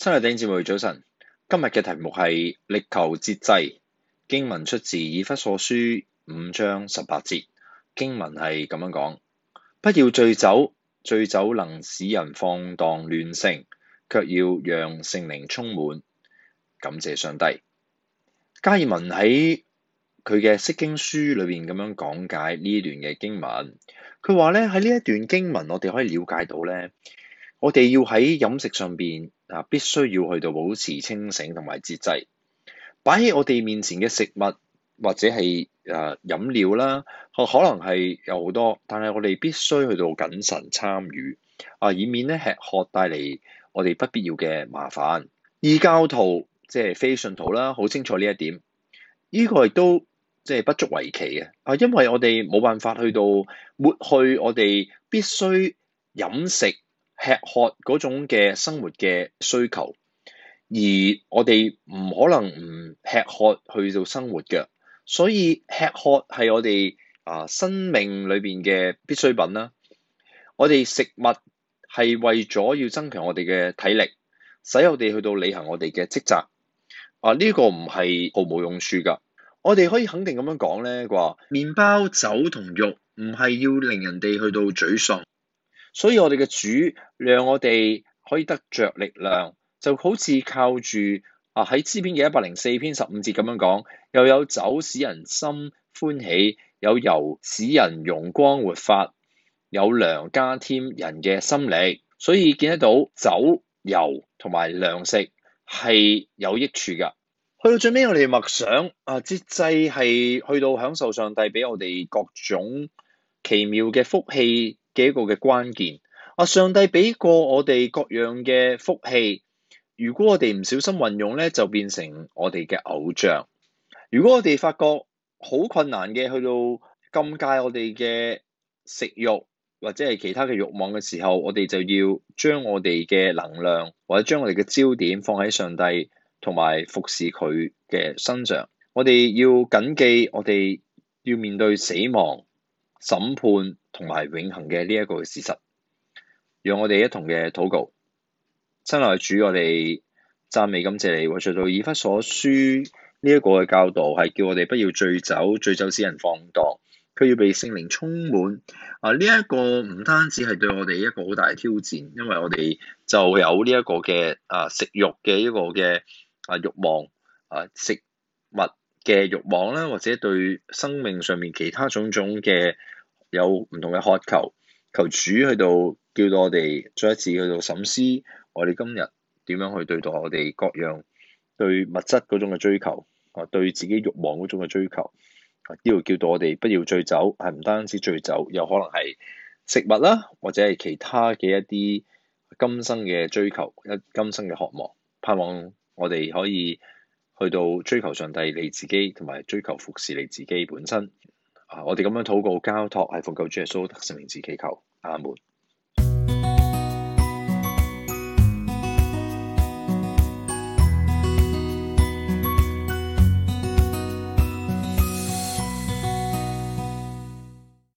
親愛弟兄姊妹，早晨。今日嘅題目係力求節制。經文出自以弗所書五章十八節。經文係咁樣講：不要醉酒，醉酒能使人放蕩亂性，卻要讓聖靈充滿。感謝上帝。加爾文喺佢嘅釋經書裏面咁樣講解呢段嘅經文，佢話咧喺呢一段經文，我哋可以了解到咧。我哋要喺飲食上邊啊，必須要去到保持清醒同埋節制。擺喺我哋面前嘅食物或者係啊飲料啦，啊、可能係有好多，但係我哋必須去到謹慎參與啊，以免咧吃喝帶嚟我哋不必要嘅麻煩。異教徒即係、就是、非信徒啦，好清楚呢一點。呢、這個亦都即係、就是、不足為奇嘅啊，因為我哋冇辦法去到抹去我哋必須飲食，吃喝嗰種嘅生活嘅需求，而我哋唔可能唔吃喝去到生活嘅，所以吃喝係我哋啊生命裏邊嘅必需品啦。我哋食物係為咗要增強我哋嘅體力，使我哋去到履行我哋嘅職責啊！呢個唔係毫無用處噶，我哋可以肯定咁樣講咧，話麵包、酒同肉唔係要令人哋去到沮喪。所以我哋嘅主讓我哋可以得着力量，就好似靠住啊喺詩篇嘅一百零四篇十五節咁樣講，又有酒使人心歡喜，有油使人容光煥發，有糧加添人嘅心力，所以見得到酒、油同埋糧食係有益處噶。去到最尾，我哋默想啊，節制係去到享受上帝俾我哋各種奇妙嘅福氣。幾個嘅關鍵啊！上帝俾過我哋各樣嘅福氣，如果我哋唔小心運用咧，就變成我哋嘅偶像。如果我哋發覺好困難嘅，去到禁戒我哋嘅食慾或者係其他嘅慾望嘅時候，我哋就要將我哋嘅能量或者將我哋嘅焦點放喺上帝同埋服侍佢嘅身上。我哋要緊記，我哋要面對死亡審判，同埋永恆嘅呢一個事實，讓我哋一同嘅禱告。親愛的主我，我哋讚美感謝你，我讀到以弗所書呢一個嘅教導，係叫我哋不要醉酒，醉酒使人放蕩。佢要被聖靈充滿啊！呢、這個、一個唔單止係對我哋一個好大嘅挑戰，因為我哋就有呢、啊、一個嘅啊食慾嘅一個嘅啊慾望啊，食物嘅慾望啦，或者對生命上面其他種種嘅。有唔同嘅渴求，求主去到叫到我哋再一次去到審思，我哋今日點樣去對待我哋各樣對物質嗰種嘅追求，啊，對自己慾望嗰種嘅追求，呢度叫到我哋不要醉酒，係唔單止醉酒，有可能係食物啦，或者係其他嘅一啲今生嘅追求，一今生嘅渴望，盼望我哋可以去到追求上帝你自己，同埋追求服侍你自己本身。啊！我哋咁樣禱告，交託係奉靠主耶穌得勝名字祈求，阿門。